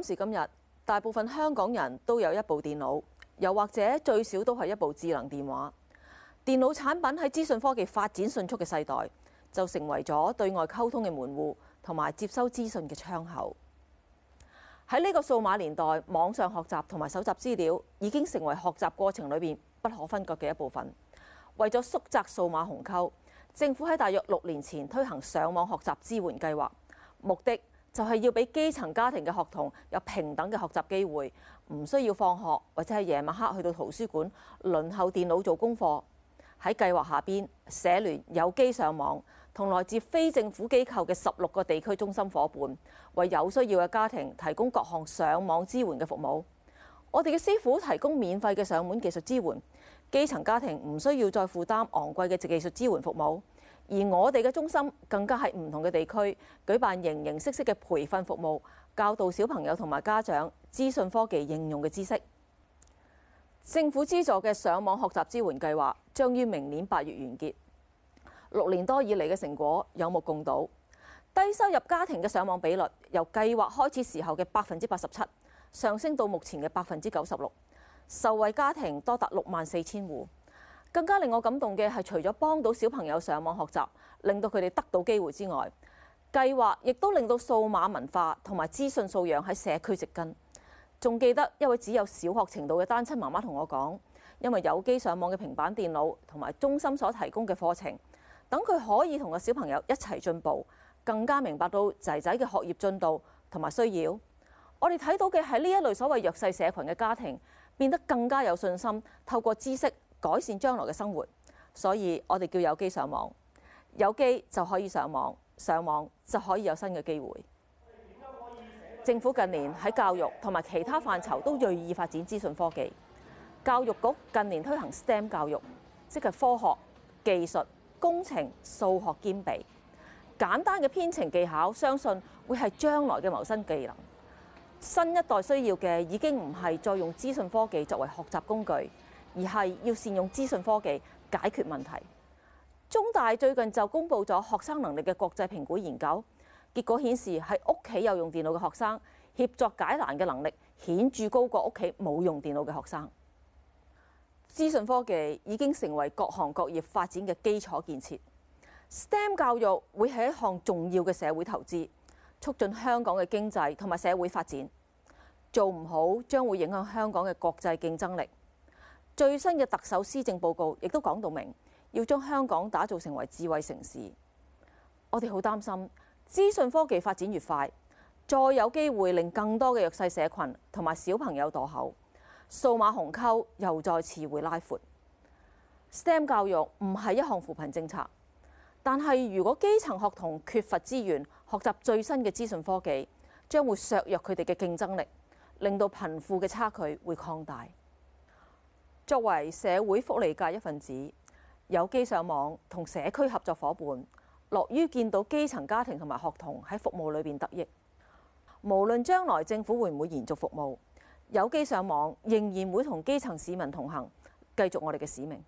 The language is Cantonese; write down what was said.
今時今日，大部分香港人都有一部電腦，又或者最少都係一部智能電話。電腦產品喺資訊科技發展迅速嘅世代，就成為咗對外溝通嘅門戶同埋接收資訊嘅窗口。喺呢個數碼年代，網上學習同埋搜集資料已經成為學習過程裏面不可分割嘅一部分。為咗縮窄數碼鴻溝，政府喺大約六年前推行上網學習支援計劃，目的，就係要俾基層家庭嘅學童有平等嘅學習機會，唔需要放學或者係夜晚黑去到圖書館輪候電腦做功課。喺計劃下面，社聯有機上網同來自非政府機構嘅十六個地區中心夥伴，為有需要嘅家庭提供各項上網支援嘅服務。我哋嘅師傅提供免費嘅上門技術支援，基層家庭唔需要再負擔昂貴嘅技術支援服務。而我哋嘅中心更加喺唔同嘅地區舉辦形形色色嘅培訓服務，教導小朋友同埋家長資訊科技應用嘅知識。政府資助嘅上網學習支援計劃將於明年八月完結。六年多以嚟嘅成果有目共睹，低收入家庭嘅上網比率由計劃開始時候嘅百分之八十七上升到目前嘅百分之九十六，受惠家庭多達六萬四千戶。更加令我感動嘅係，除咗幫到小朋友上網學習，令到佢哋得到機會之外，計劃亦都令到數碼文化同埋資訊素養喺社區植根。仲記得一位只有小學程度嘅單親媽媽同我講，因為有機上網嘅平板電腦同埋中心所提供嘅課程，等佢可以同個小朋友一齊進步，更加明白到仔仔嘅學業進度同埋需要。我哋睇到嘅係呢一類所謂弱勢社群嘅家庭變得更加有信心，透過知識，改善將來嘅生活，所以我哋叫有機上網，有機就可以上網，上網就可以有新嘅機會。政府近年喺教育同埋其他範疇都鋭意發展資訊科技。教育局近年推行 STEM 教育，即係科學、技術、工程、數學兼備。簡單嘅編程技巧，相信會係將來嘅謀生技能。新一代需要嘅已經唔係再用資訊科技作為學習工具。而係要善用資訊科技解決問題。中大最近就公佈咗學生能力嘅國際評估研究結果，顯示喺屋企有用電腦嘅學生協助解難嘅能力顯著高過屋企冇用電腦嘅學生。資訊科技已經成為各行各業發展嘅基礎建設。STEM 教育會係一項重要嘅社會投資，促進香港嘅經濟同埋社會發展。做唔好將會影響香港嘅國際競爭力。最新嘅特首施政報告亦都講到明，要將香港打造成為智慧城市。我哋好擔心資訊科技發展越快，再有機會令更多嘅弱勢社群同埋小朋友墮後，數碼鴻溝又再次會拉闊。STEM 教育唔係一項扶貧政策，但係如果基層學童缺乏資源學習最新嘅資訊科技，將會削弱佢哋嘅競爭力，令到貧富嘅差距會擴大。作為社會福利界一份子，有機上網同社區合作伙伴，樂於見到基層家庭同埋學童喺服務裏面得益。無論將來政府會唔會延續服務，有機上網仍然會同基層市民同行，繼續我哋嘅使命。